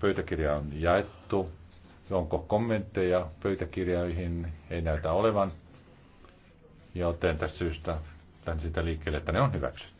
Pöytäkirja on jaettu. Onko kommentteja pöytäkirjoihin? Ei näytä olevan. Joten tästä syystä tämän sitä liikkeelle, että ne on hyväksytty.